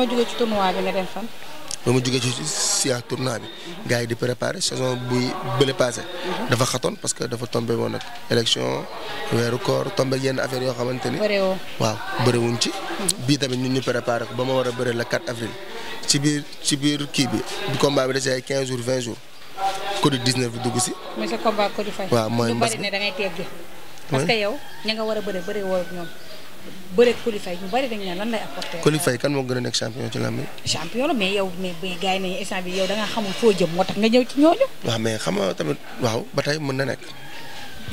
noo jógee ci tournoi bi ba ma jógee ci si à tournoi bi. gars yi di préparer saison buy bële passé. Mhm. dafa xatoon parce que dafa tombé woon nag élection weeru koor tombé yenn affaire yoo xamante ni. bëriwoo waaw bëriwuñ ci. Mhm. bii tamit ñu ñu préparé ko ba ma war a bëri le 4 avril. ci biir ci biir kii bi. bu combat bi desee ay 15 jours 20 jours. Covid 19 bi dugg si. muy sa combat Codou Faye. waaw mooy mbas parce que yow ña nga war a bëri bëri woo ñoom. bëreeg Coly Faye ñu bari dañu ne lan lay apporter. Coly euh, kan moo gën a nekk champion ci làmb champion la mais yow mais gars yi nañu instant bi yow da xamul foo jëm moo tax nga ñëw ci ñooñu. waaw mais xam nga tamit waaw ba tey mën na nekk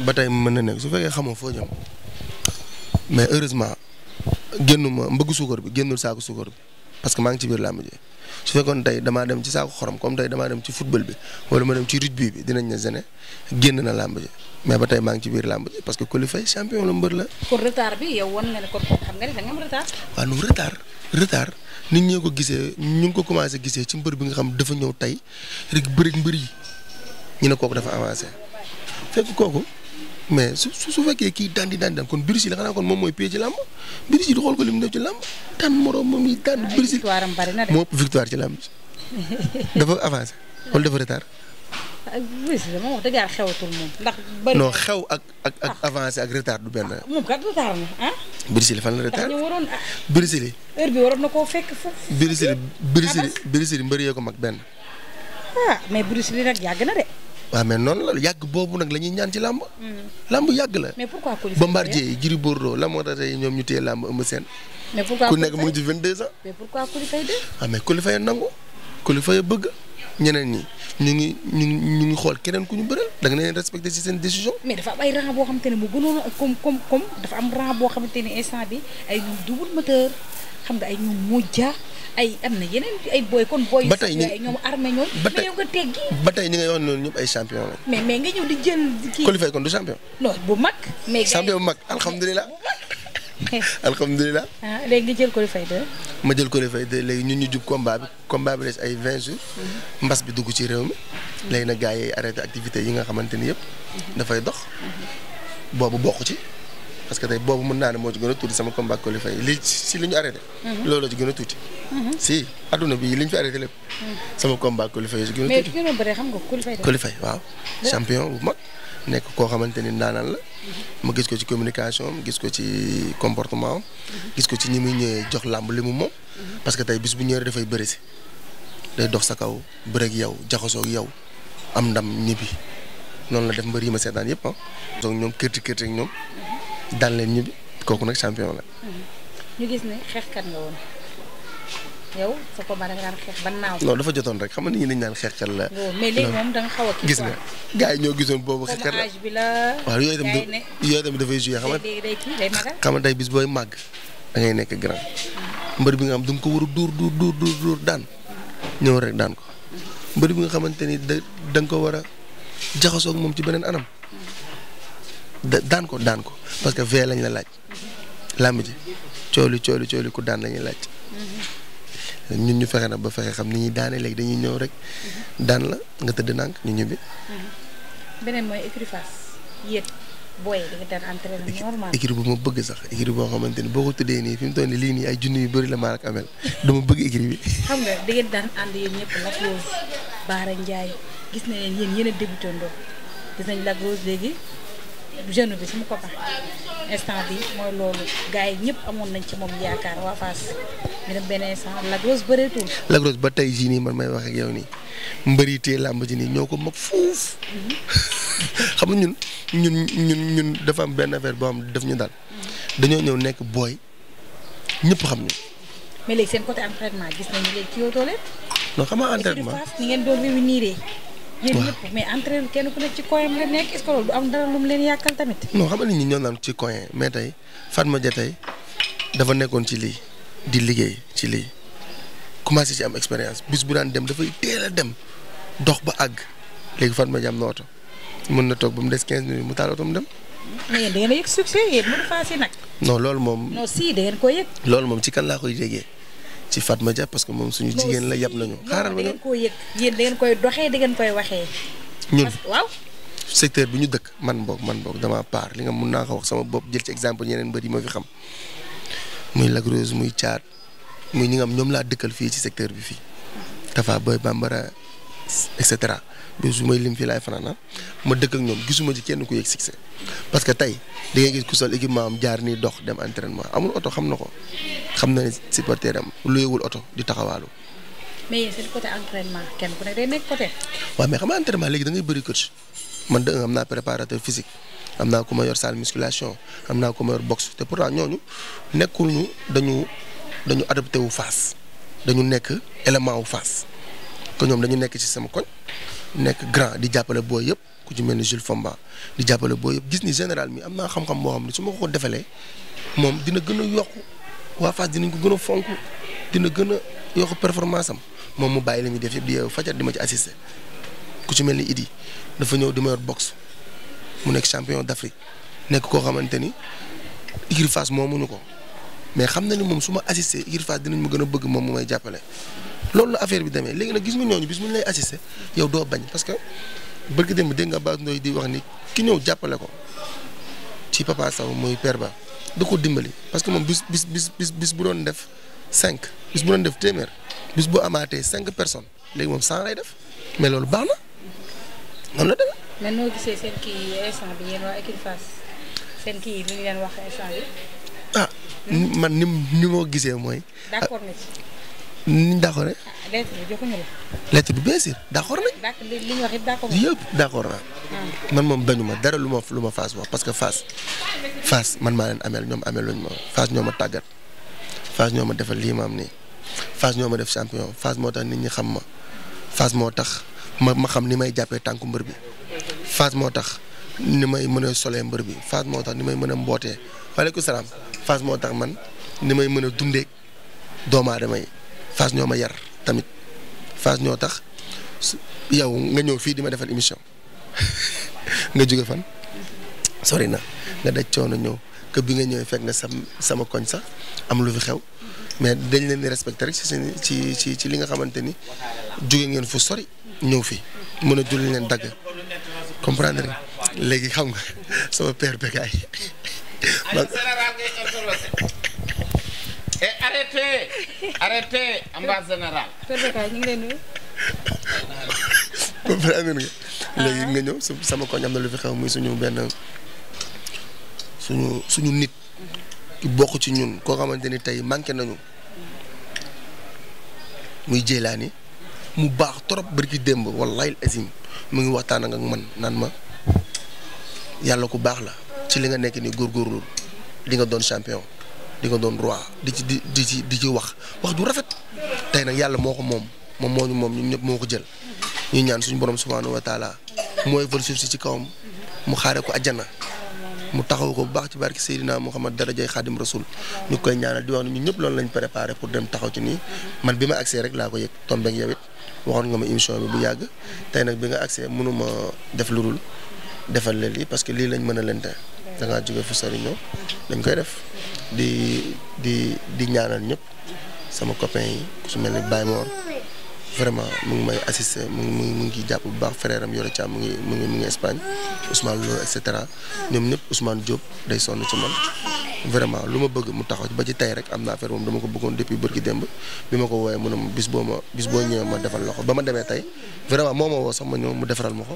ba tey mën na nekk su fekkee xamoo foo jëm mais heureusement génnuma mbëgg suukar bi génnul saaku suukar bi parce que maa ngi ci biir làmb ji su fekkoon tey damaa dem ci saako xorom comme tey damaa dem ci football bi wala ma dem ci rugby bi dinañ ne gêné génn na làmb ji mais ba tey maa ngi ci biir làmb ji parce que Coly Faye champion la mbër la. kon retard bi yow wan nga ne kon xam nga nit ñi ko gisee ñu ngi ko commencé gisee ci mbër bi nga xam dafa ñëw tey rek bëri mbër yi ñu ne kooku dafa avancé fekk kooku. mais su su fekkee kii daan di daan daan kon Brésil xanaa kon moom mooy pay ci làmb Brésil xool ko li mu def ci làmb daan moroom moom yi daan moo victoire ci làmb dafa avancé wala dafa retard. ndax bëri non xew ak ak ah. avancé ak retard du benn. Ah, moom kat retard na ah. fan la retard Brésil. heure bi waroon na koo fekk ko mag benn. ah mais Brésil nag yàgg na de. waaw mais noonu la yàgg boobu nag la ñuy ñaan ci làmb. Mm. làmb yàgg la. mais pourquoi Coulissé Bombardier Gris Bordeaux la moo tax ñoom ñu téye làmb Eumeu seen mais pourquoi nekk mu ngi ci 22 ans. mais li fa de. ah mais Coulissé nangu Coulissé bëgg. ñeneen ñi ñu ngi ñu ngi ñu ngi xool keneen ku ñu bëre da nga leen respecté ci seen décision. mais dafa am ay rang boo xamante ne mu gënoon comme comme comme dafa am rang boo xamante ne instant bi ay ñoom double moteur xam nga ay ñoom mujja ay am na yeneen ay booy kon booy. ba tey ñi ñoom armé ñoom. ba tey nga teggi. ba tey ñi nga yoon noonu ñëpp ay champion la. mais mais nga ñëw di jël kii. Coly Faye kon du champion. non bu mag. mais champion bu mag alhamdulilah. alhamdulilah. ah léegi jël ko de. ma jël ko fay de léegi ñun ñu jub combat bi combat bi des ay vingt jours. Mhm. mbas bi dugg ci réew mi. Mhm. léegi nag gars yi arrêté activité yi nga xamante ni yëpp. Mhm. dafay dox. boobu bokk ci. parce que tey boobu mën naa ne moo ci gën a tuuti sama combat qualifié yi li si li ñu arrêté. ci gën a tuuti. si adduna bi li ñu fi arrêté lépp. sama combat qualifié xam nga qualifié. waaw champion bu mag nekk koo xamante ni naanaan la. ma gis ko ci communication am gis ko ci comportement am gis ko ci ñi muy ñëwee jox làmb li mu moom parce que tey bis bu ñëwee dafay bëri day dox sa kaw bëreeg yow jaxasoo yow am ndam ñibbi noonu la def mbër yi ma seetaan yëpp ah. donc ñoom kërti kërti ak ñoom daan leen ñibbi kooku nag champion la. ñu gis ne xeexkat nga woon. yow sa combat da nga daan dafa jotoon rek xam nga nit ñi dañu naan xeexkat la. Euh, mais gis nga gars yi ñoo boobu. xeexkat la bi la. waaw yooyu tamit dafay joué xam bis booy màgg da ngay nekk grand mbër bi nga xam da ko war a dóor dóor dóor daan ñëw rek daan ko mbër bi nga xamante ni da da ko war a jaxasoo moom ci beneen anam daan ko daan ko parce que vee lañ la laaj làmb ji cooli cooli cooli ku daan lañuy laaj ñun ñu fexe na ba fexe xam ni ñuy daane léegi dañuy ñëw rek. Mhm. daan la nga tëdd nank ñu ñibbi. Mhm. beneen mooy bu ma bëgg sax écurie boo xamante ni boo ko tuddee nii fi mu toll nii lii nii ay junni yu bari la maar ak amel dama bëgg écurie bi. xam nga da daan ànd yéen ñëpp Lac Rose Baara gis na leen yéen yéen ndox gis nañ Rose léegi jeune bi suñu copain instant bi mooy loolu gars yi ñëpp amoon nañ ci moom yaakaar waa ñu dem benn instant Lac Rose bëreetul. Lac Rose ba tey jii nii man may wax ak yow nii mbëri tee làmb ji nii ñoo ko mag fuuf. Mm-hmm. xam nga ñun ñun ñun dafa am benn affaire boo xam daf ñu dal mm-hmm. dañoo ñëw nekk booy ñëpp xam ñu. mais léegi seen côté entraînement gis nañu léegi ci yow doole. non xam nga entraînement ni ngeen doon réunir yéen ñëpp mais kenn ku nekk ci coin la nekk est-ce loolu du am dara lu leen yàkkal tamit. non xam nga nit ñi ñoo naan ci coin mais tey Fatma Dia tey dafa nekkoon ci lii di liggéey ci lii commencé ci am expérience bis bu daan dem dafay teel dem dox ba àgg léegi Fatma Dia am na oto mën na toog ba mu des 15 minutes mu taal oto mu dem. loolu moom. non si da yëg. loolu moom ci kan laa koy déggee. ci ma Dia parce que moom suñu jigéen la yab nañu. xaaral ma ngeen koo yëg koy doxee da ngeen ñun secteur bi ñu dëkk man boog man boog dama paar li nga mun naa ko wax sama bopp jël ci exemple ñeneen mbër yi ma fi xam muy lagrose muy caat muy ñi nga am ñoom laa dëkkal fii ci secteur bi fii. Tafa Boy Bambara et cetera bi su may lim fii laay fanaan ah, ma dëkk ak ñoom gisuma ci kenn ku yëg succès parce que tey da ngay gis ku sol équipement am jaar ni dox dem entraînement amul oto xam na ko xam na ne supporter am luyewul oto di taxawaalu. mais yéen waaw mais xam nga entraînement léegi da ngay bëri coach man da am naa préparateur physique am naa ku ma yor salle musculation am naa ku ma yor boxe te pourtant ñooñu nekkul ñu dañu dañu adopté wu Fass dañu nekk élément wu Fass. ko ñoom dañu nekk ci sama koñ nekk grand di jàppale booy yëpp ku ci mel ni Jules Fomba di jàppale booy yëpp gis ni général mi am naa xam-xam boo xam ne su ma ko defalee moom dina gën a yokk waa Fass dinañ ko gën fonk dina gën a yokk performance am moom mu bàyyi la ñuy def di yeewu di ma ci assister ku ci mel ni Idi dafa ñëw di ma mu nekk champion d'Afrique nekk koo xamante ni Igri Fass moomuñu ko mais xam na moom su ma assister Igri Fass dinañ ma gën a bëgg moom mu may jàppale. loolu la affaire bi demee léegi nag gis nga ñooñu bis bu ñu lay assister yow doo bañ parce que bëgg dem dégg nga Bass Ndoye di wax ni ki ñëw jàppale ko ci Papa Sow muy Père Ba ko dimbali parce que moom bis bis bis bis bis bu doon def cinq bis bu doon def téeméer bis bu amaatee cinq personnes léegi moom cent lay def mais loolu baax na lu ñu leen wax instant ah, man ni ni moo gisee mooy. niñ d'accord rek. lettre bi joxuñu la. lettre bi bien sûr d'accord ah. man moom bañu ma dara lu ma lu ma Fass wax parce que Fass Fass man maa leen ameel ñoom ameel luñ ma Fass ñoo ma tàggat Fass ñoo ma defal lii ma am nii Fass ñoo ma def champion Fass moo tax nit ñi xam ma Fass moo tax ma ma xam ni may jàppee tànku mbër bi Fass moo tax ni may mën a solee mbër bi Fass moo tax ni may mën a mbootee waaleykum salaam Fass moo tax man ni may mën a dundee doomaadama yi Fass ñoo ma yar tamit phase ñoo tax yow nga ñëw fii di ma defal émission nga jóge fan sori na nga daj coono ñëw que bi nga ñëwee fekk nga sam sama koñ sax am lu fi xew mais dañ leen di respecté rek ci seen ci ci ci li nga xamante ni jóge ngeen fu sori ñëw fii mën a julli leen dagg comprendre léegi xam nga sama père Bécaye arrêtez arrêtez ambassade générale. léegi nga ñëw sama koñ am na lu fi xew muy suñu benn suñu suñu nit. ki bokk ci ñun koo xamante ni tey manqué nañu. muy Jeylaani mu baax torop barki démb wallahi azim mu ngi waxtaan ak man naan ma yàlla ku baax la ci li nga nekk ni góorlu li nga doon champion. di ko doon roi di ci di di ci di ci wax wax ju rafet tey nag yàlla moo ko moom moom moo ñu moom ñun ñëpp moo ko jël ñu ñaan suñu borom subhaanahu wa taala mooy vol suuf si ci kawam mu xaaree ko ajjana mu taxaw ko bu baax ci barki Seydina Muhammad darajay Xaadim Rasul ñu koy ñaanal di wax ne ñun ñëpp loolu lañ préparé pour dem taxaw ci nii man bi ma agsee rek laa ko yëg tombeeg yow it waxoon nga ma émission bi bu yàgg tey nag bi nga agsee mënuma def lu dul defal leen lii parce que lii lañ mën a lente da ngaa jóge fu sori dañ koy def di di di ñaanal ñëpp sama copain yi ku su mel ni Baye Mor vraiment mu ngi may assister mu ngi mu ngi jàpp bu baax frère am Yoro Thiam mu ngi mu ngi mu ngi Espagne Ousmane Lo et ñoom ñëpp Ousmane Diop day sonn ci man. vraiment lu ma bëgg mu taxaw ba ci tey rek am naa affaire moom dama ko bëggoon depuis bërki démb bi ma ko woowee mu ne ma bis boo ma bis boo ñëwee ma defal loxo ba ma demee tey vraiment moo ma woo sax ma ñëw mu defaral ma ko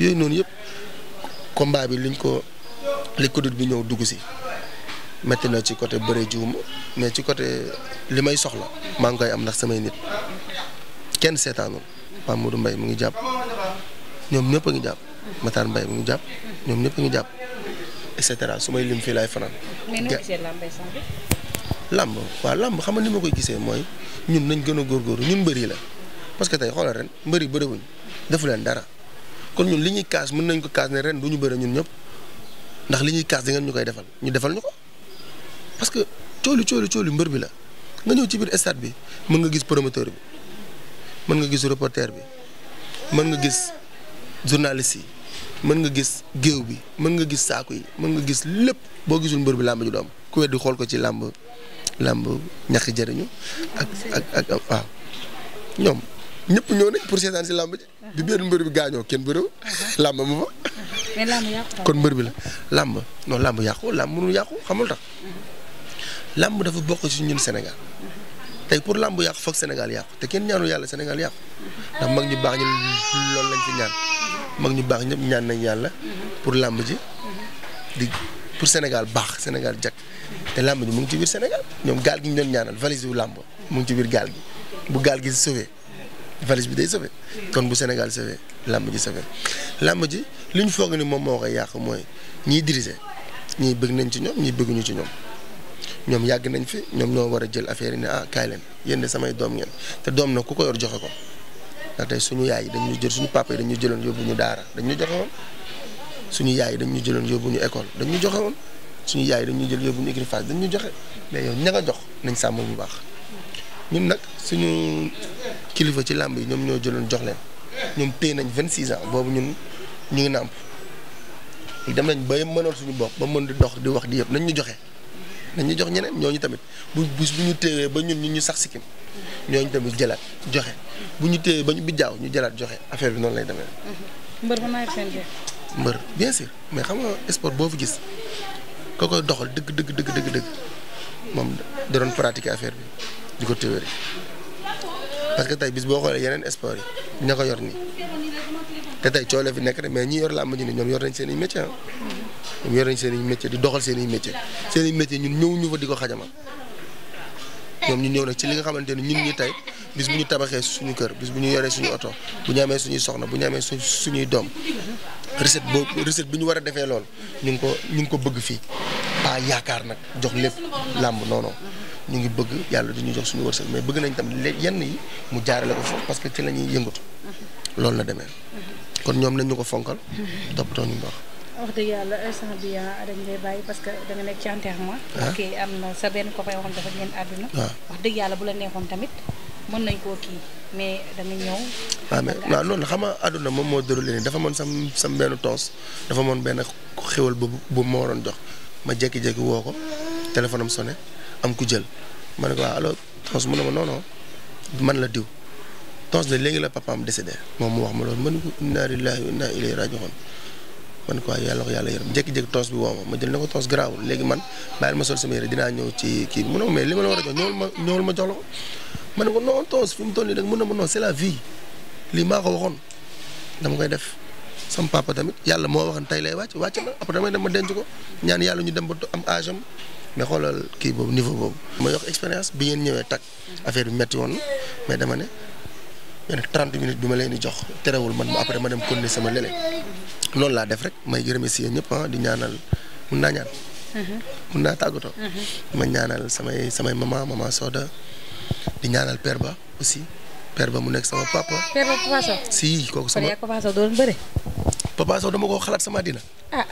yooyu noonu yëpp li bi ñëw dugg si métti na ci côté bëre juum mais ci côté li may soxla maa ngi koy am ndax samay nit kenn seetaanul Pape Modou mu ngi jàpp ñoom ñëpp a jàpp Matar Mbaye mu jàpp ñoom ñëpp a jàpp et cetera su lim fii laay fanaan. làmb waaw làmb xam nga ni ma koy gisee mooy ñun nañ gën a góorgóorlu ñun mbëri la parce que tey xoolal ren mbëri bëriwuñ defu leen dara kon ñun li ñuy kaas mën nañ ko kaas ne ren du ñu bëre ñun ñëpp. ndax li ñuy kaas di ngeen ñu koy defal ñu defal ñu ko parce que coolu coolu coolu mbër bi la nga ñëw ci biir stade bi mën nga gis promoteur bi mën nga gis reporter bi mën nga gis journaliste yi mën nga gis géew bi mën nga gis saako yi mën nga gis lépp boo gisul mbër bi làmb ju doom ku weddi xool ko ci làmb làmb ñaxi jëriñu ak ak ak waaw ñoom ñëpp ñoo nañ pour seetaan si làmb ji. bi benn mbër bi gaañoo kenn bëriwul. Uh-huh. làmb ma fa. mais kon mbër bi la làmb non làmb yàqu làmb mënul yàqu xamul tax. Uh-huh. làmb dafa bokk si ñun senegal uh-huh. tey pour làmb yàqu foog Sénégal yàqu te kenn ñaanul yàlla Sénégal yàqu. ndax ñu baax loolu lañ fi ñaan. mag ñu baax ñëpp ñaan nañ yàlla. pour làmb ji. di pour Sénégal baax Sénégal jag. te làmb ji mu ngi ci biir Sénégal ñoom gaal gi ñu doon ñaanal valise wu làmb mu ngi ci biir gaal gi bu gaal gi sauvé valise bi day sauvé. kon bu Sénégal sauvé làmb ji sauvé làmb ji li ñu foog ni moom moo koy yàq mooy ñii diriger ñii bëgg nañ ci ñoom ñii bëgguñu ci ñoom ñoom yàgg nañ fi ñoom ñoo war a jël affaire yi ne ah kaay leen yéen samay doom ngeen te doom nag ku ko yor joxe ko ndax tey suñu yaay dañu dañ jël suñu papa yi dañ ñu jëloon yóbbu ñu daara dañu ñu joxe woon suñu yaay yi dañ ñu jëloon yóbbu ñu école dañ ñu suñu yaay dañ ñu jël yóbbu ñu écrifage dañu ñu joxe mais yow ña nga jox nañ sàmm bu baax ñun nag suñu kilifa ci làmb yi ñoom ñoo jëloon jox leen ñoom téye nañ 26 ans boobu ñun ñu ngi nàmp dem nañ ba mënoon suñu bopp ba mën di dox di wax di yëpp nañ ñu joxe nañ jox ñeneen ñooñu tamit bu bis bu ñu téewee ba ñun ñun ñu sax sikkim ñooñu tamit jëlaat joxe bu ñu téewee ba ñu bijjaaw ñu jëlaat joxe affaire bi noonu lay demee. Mm-hmm. mbër ba bien sûr mais xam nga sport boo fi gis ko koy doxal dëgg dëgg dëgg dëgg moom da doon pratiquer affaire bi. di ko téwéri parce que tey bis boo xoolee yeneen sport yi ña ko yor nii te tey coole fi nekk rek mais ñi yor làmb ji ne ñoom yor nañ seen i métier ah. ñoom yor nañ seen i métier di doxal seen i métier seen i métier ñun ñëw ñu fa di ko xajama ñoom ñu ñëw nag ci li nga xamante ni ñun ñi tey bis bu ñu tabaxee suñu kër bis bu ñu yoree suñu oto bu ñu amee suñuy soxna bu ñu amee suñuy doom recette boobu recette bi ñu war a defee lool ñu ngi ko ñu ngi ko bëgg fii pas yaakaar nag jox lépp làmb noonu ñu ngi bëgg yàlla du ñu jox suñu wërsëg mais bëgg nañ tam yenn yi mu jaarale ko foofu parce que ci la ñuy yëngatu. loolu la demee. kon ñoom nañ ñu ko fonkal. toppatoo ñu wax. wax ah, parce que da nga ah. ah. wax dëgg yàlla bu la neexoon tamit mën nañ koo kii mais danga ñëw. waaw mais waaw loolu xam nga àdduna moom moo déroulé nii dafa mën sam sam benn toos dafa mën benn xéwal bu bu ma waroon jox ma jékki-jékki woo ko téléphone am sonné am ku jël ma ne ko waaw alors tons mu ne ma non man la diw tons la léegi la papaam décédé moom mu wax ma loolu man ne ko inna lillahi wa inna ilayhi raji'un ma ne ko waaye yàlla ko yàlla yërëm jékki bi woo ma ma jël ko tons garaawul léegi man bàyyil ma sol sama yére dinaa ñëw ci kii bi mu ne ma mais li ma la war ma ñëwal ma jox la ko ma ne ko non tons fi mu toll nii rek mën na ma non c'est la vie lii maa ko waxoon dama koy def sama papa tamit yàlla moo waxoon tey lay wàcc wàcc na après damay dem ma denc ko ñaan yàlla ñu dem ba am âge nga xoolal kii boobu niveau boobu. ma yokk expérience bi ngeen ñëwee takk affaire bi métti woon mais dama ne benn 30 minutes bi ma leen di jox terewul man ma après ma dem continuer sama lële loolu laa def rek may remercier ñëpp ah di ñaanal mun naa ñaan. Mm-hmm. mun naa tàggatoo. Mm-hmm. ma ñaanal samay samay mama mama Soda di ñaanal Père Ba aussi Père Ba mu nekk sama papa. Père Ba Papa si kooku sama Papa Sow doon bëre. Papa Sow dama ko xalaat sama dina. Ah.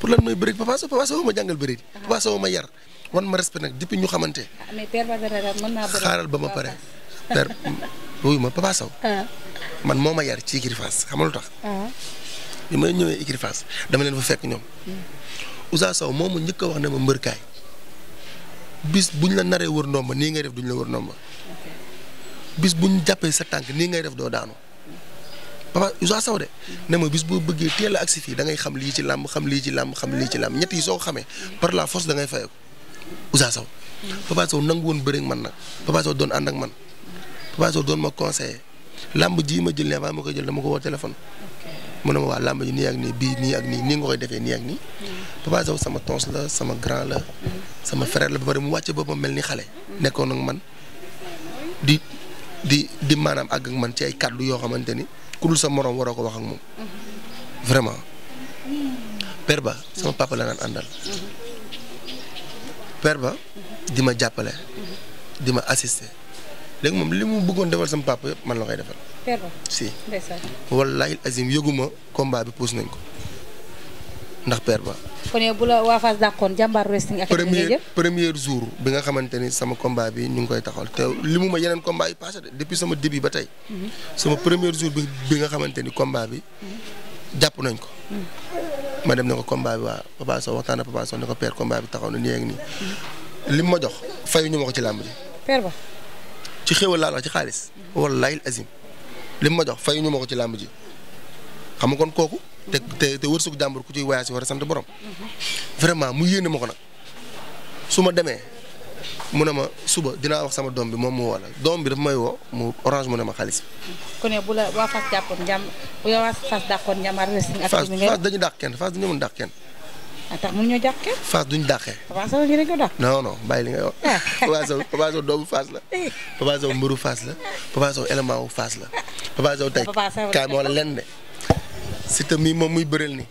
pour lan mooy bëri Papa Sow Papa Sow ma jàngal bëri. Papa Sow ma yar wan ma respect nag depuis ñu xamante. Ah, mais xaaral ba ma pare. Ah. Père wuyu ma Papa Sow. Ah. man moo ma yar ci écurie Fass xam tax. bi may ñëwee écurie dama leen fa fekk ñoom. Hmm. Ousa Sow moom mu njëkk a wax ne ma mbërkaay bis buñ la naree wër ndomba nii ngay def duñ la wër ndomba bis buñ jàppee sa tànk nii ngay def doo daanu. papa Ousa Sow de ne ma bis boo bëggee teel ak si fii da ngay xam lii ci làmb xam lii ci làmb xam lii ci làmb ñett yi soo ko xamee par la force da ngay fayeeku Ousa Sow. papa Sow nangu woon bëri ak man nag papa Sow doon ànd ak man papa Sow doon ma conseiller làmb ji ma jël ne avant ma koy jël dama ko woo téléphone. mu ne ma waa làmb ji nii ak nii bii nii ak nii nii nga defee nii ak nii. Hmm. papa Sow sama tons la sama grand la. Hmm. sama frère la ba pare mu wàcce boppam mel ni xale. Hmm. nekkoon ak man di di maanaam àgg ak man ci ay kàddu yoo xamante ni. ku dul sa morom waroo ko wax ak moom. vraiment. père ba sama papa la naan àndal. père ba di ma jàppale. di ma assister léegi moom li mu buggoon defal sama papa man la koy defal. père ba si. yëguma combat bi pousse nañ ko. ndax père ba. kon yow bu la waa Fass dàqoon jàmbaar wrestling ak premier jour bi nga xamante ni sama combat bi ñu ngi koy taxawal te li mu ma yeneen combat yi passé depuis sama début ba tey. Mhm. sama premier jour bi bi nga xamante ni combat bi. jàpp nañ ko. Mhm. ma dem ne ko combat bi waa Papa Sow waxtaan ak Papa Sow ne ko père combat bi taxaw na nii ak nii. Mhm. li mu ma jox fayu ñu ma ko ci làmb ji. père ci xéwal laa ci xaalis. wallaahi azim. li mu ma jox fayu ñu ko ci làmb ji kon kooku. te te te wërsëgu jàmbur ku ciy voyage war a sant borom. vraiment mu yéene ma ko nag su ma demee mu ne ma suba dinaa wax sama doom bi moom mu woo la doom bi dafa may woo mu orange mu ne ma xaalis. ku ne bu la waa Fass jàppoon njàm bu la waa Fass dàqoon njàm arrêté. Fass Fass dañu dàq kenn Fass dañu mën dàq kenn. ah tax mënuñoo dàq kenn. Fass duñu dàqee. Papa Sow ñu ne ko dàq. non non bàyyi li nga wax. Ah. Papa Sow Papa Sow doomu Fass la. Eh. Papa Sow mbëru Fass la. Papa Sow élément wu la. Papa Sow tey kaay ma wala Siteu mii moom muy bëreel ni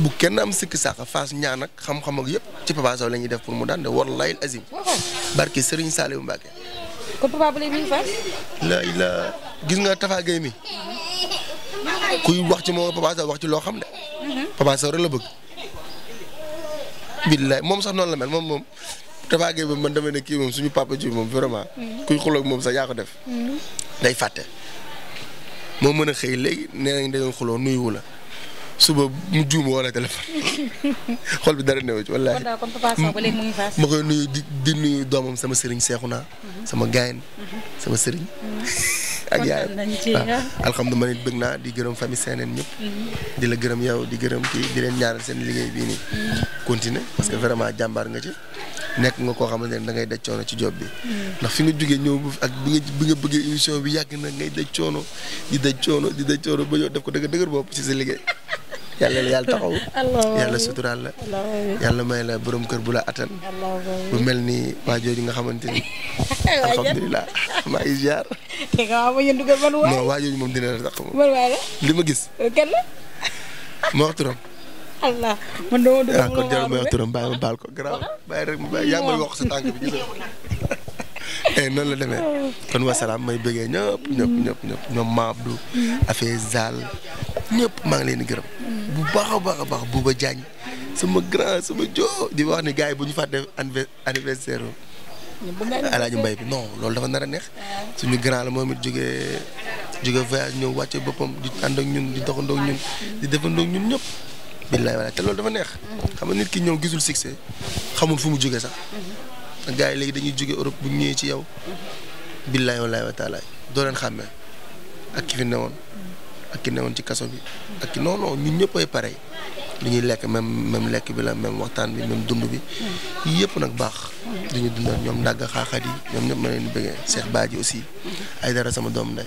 bu kenn am sikki sàkk faas ñaan ak xam-xam ak yëpp ci Papa Sow la def pour mu daan de wallaahi azim. barke Serigne Saliou Mbacke. kon Papa Boy gis nga Tafa Gueye mi kuy wax ci moom Papa Sow wax ci loo xam ne. Papa Sow rek la bëgg. billaay moom sax noonu la mel moom moom Tafa Gueye man dama ne kii moom suñu papa ji moom vraiment. Mm-hmm. kuy xuloo ak moom sax yaa ko def. Mm-hmm. day fàtte. moo mën a xëy léegi nee nañ dañoo xuloo nuyuwu la suba mu juum wala téléphone xol bi dara néew ci wallaahi ma koy nuyu di di nuyu doomam sama sëriñ seexu naa mhm. sama gaayen mhm. sama sëriñ mhm. ak yaayam waaw ah, alhamdulilah man it bëgg naa di gërëm famille Seeneen ñëpp. Mhm. di la gërëm yow di gërëm kii di leen ñaanal seen liggéey bii nii. Mhm. continuer parce que vraiment jàmbaar nga ci. nekk nga koo xamante ne da ngay daj coono ci job bi. Mhm. ndax fi nga jugee ñëw ak bi nga bi nga bëggee émission bi yàgg na ngay daj coono di daj coono di daj coono ba ñëw def ko dëgg dëgër bopp ci sa liggéey. yàlla la yàlla taxaw yàlla suturaal la yàlla may la borom kër bu la attan bu mel ni waajooju nga xamante ni alhamdulilah maa ngi ziar non waajooju moom dina la tax moom li ma gis ma euh, wax turam Allah man doo doo kon jël ma wax turam bàyyi ma baal rek yaa may wax sa tànk bi gis eh, noonu la deme ah. kon wasalaam may bëggee ñëpp ñëpp ñëpp ñëpp ñoom Maabdou mm-hmm. affaire Zal ñëpp maa ngi leen di gërëm. bu baax a baax a baax sama grand sama joo di wax ni gars yi bu ñu fàtte anniversaire alaaji mbay bi non loolu dafa nar a neex suñu grand la moom it jógee jógee voyage ñëw wàcce boppam di ànd ak ñun di doxandoo ak ñun di defandoo ak ñun ñëpp billaay walaay te loolu dafa neex xam nga nit ki ñëw gisul succès xamul fu mu jógee sax gars yi léegi dañuy jógee Europe bu ñëwee ci yow billaay walaay wa taalaay doo leen xàmmee ak ki ne woon ak ki newoon ci kaso bi ak ki non non ñun ñëppay pare li ñuy lekk même même lekk bi la même waxtaan bi même dund bi yëpp nag baax. dañu dund ak ñoom ndàgg xaaxaat yi ñoom ñëpp ma leen bëggee Cheikh Badji aussi ay dara sama doom ndey.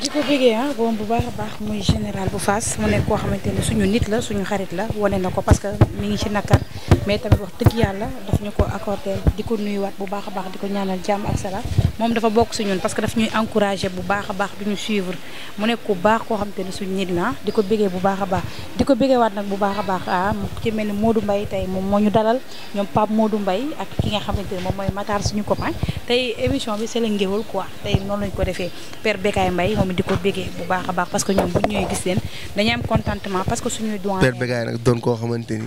di ko bëggee ah, bu baax a baax muy général bu Fass mu nekk koo xamante suñu nit la suñu xarit la wane na ko parce que mi ngi ci nakar mais tamit wax dëgg yàlla daf ñu ko accordé di ko nuyuwaat bu baax a baax di ko ñaanal jàmm ak salaam moom dafa bokk si ñun parce que daf ñuy encouragé bu baax a baax du ñu suivre mu nekk ku koo xam ne suñ nit la di ko bégee bu baax a baax di ko bégeewaat nag bu baax a baax ah ci mel ni Modou tey moom moo ñu dalal ñoom Pape Modou Mbaye ak ki xamante ne moom mooy Matar suñu copain tey émission bi c'est le ngéwal quoi tey noonu lañ ko defee Père Bécaye Mbaye moom ko bégee bu baax a baax parce que ñoom bu ñëwee gis leen dañuy am contentement parce que su doyen Père Bécaye nag doon koo xamante ni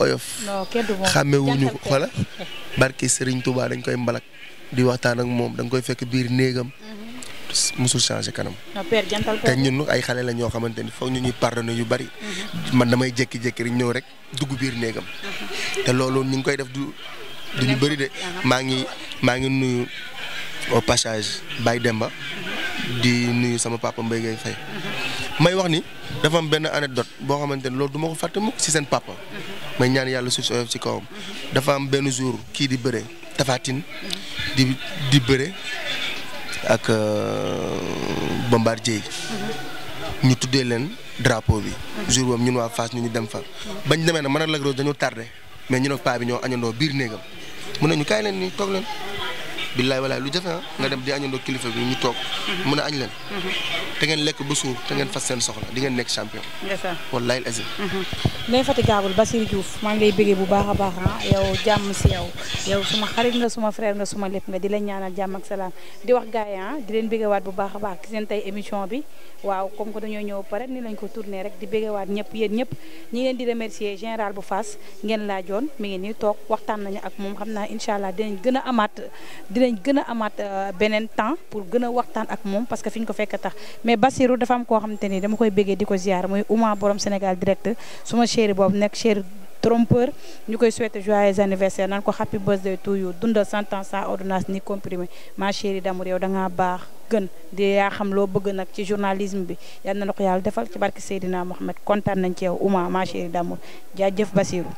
oyof xàmmewuñu ko xoola barke Serigne Touba dañ koy mbalak di waxtaan ak moom da koy fekk biir néegam mhm. musul changé kanam te ñun ay xale la ñoo xamante ni foog ñu ñuy pardonné yu bari mhm. man damay jékki-jékki rek ñëw rek dugg biir néegam mhm. te loolu ñu ngi koy def du du ñu bëri de uh-huh. maa ngi maa ngi nuyu au passage Baye Demba di nuyu sama papa Mbaye Gueye Faye may wax ni dafa am benn anecdote boo xamante ne loolu du ma ko fàtte mukk ci seen papa. may ñaan yàlla suuf sooyof ci kawam. dafa am benn jour kii di bëre tafatin di di bëre ak euh, bombardier yi. ñu tuddee leen drapeau bi. jour boobu ñun waa fas ñu ñu dem fa. bañ demee na man ak Lac Rose dañoo mais ñu ne paa bi ñoo añandoo biir néegam mun nañu kaay leen nii toog leen. billaay walaay lu jafe ah. nga dem di añandoo kilifa bi ñu toog. mën mhm. a añ leen. Mhm. te ngeen lekk ba suur te ngeen fas seen soxla di nekk champion. wallaay azim mhm. l'infatigable Basir Diouf maa ngi lay bëggee bu baax a baax ah jàmm si yow yow suma xarit nga suma frère nga suma lépp nga di la ñaanal jàmm ak salaam di wax gars yi ah di leen bëggewaat bu baax a baax gis ngeen tey émission bi waaw comme que dañoo ñëw pare ni lañ ko tourné rek di bëggewaat ñëpp yéen ñëpp ñi leen di remercier général bu Fass ngeen laajoon joon mi ngi nii toog waxtaan nañu ak moom xam naa incha allah dinañ gën a amaat dinañ gën a amaat euh, beneen temps pour gën a waxtaan ak moom parce que fi ñu ko fekk tax mais Basirou am koo xamante ni dama koy bëggee di ko ziar muy Ouma borom Sénégal direct chéri boobu nekk chéri trompeur ñu koy souhaiter joyeux anniversaire nan ko happy birthday to you dundal cent ans sans ni comprimé ma chérie d'amour yow da ngaa baax gën di yaa xam loo bëgg nag ci journalisme bi yal na la ko yàlla defal ci barke Seydina Mohamed kontaan nañ ci yow Ouma ma chérie d'amour jëf Basirou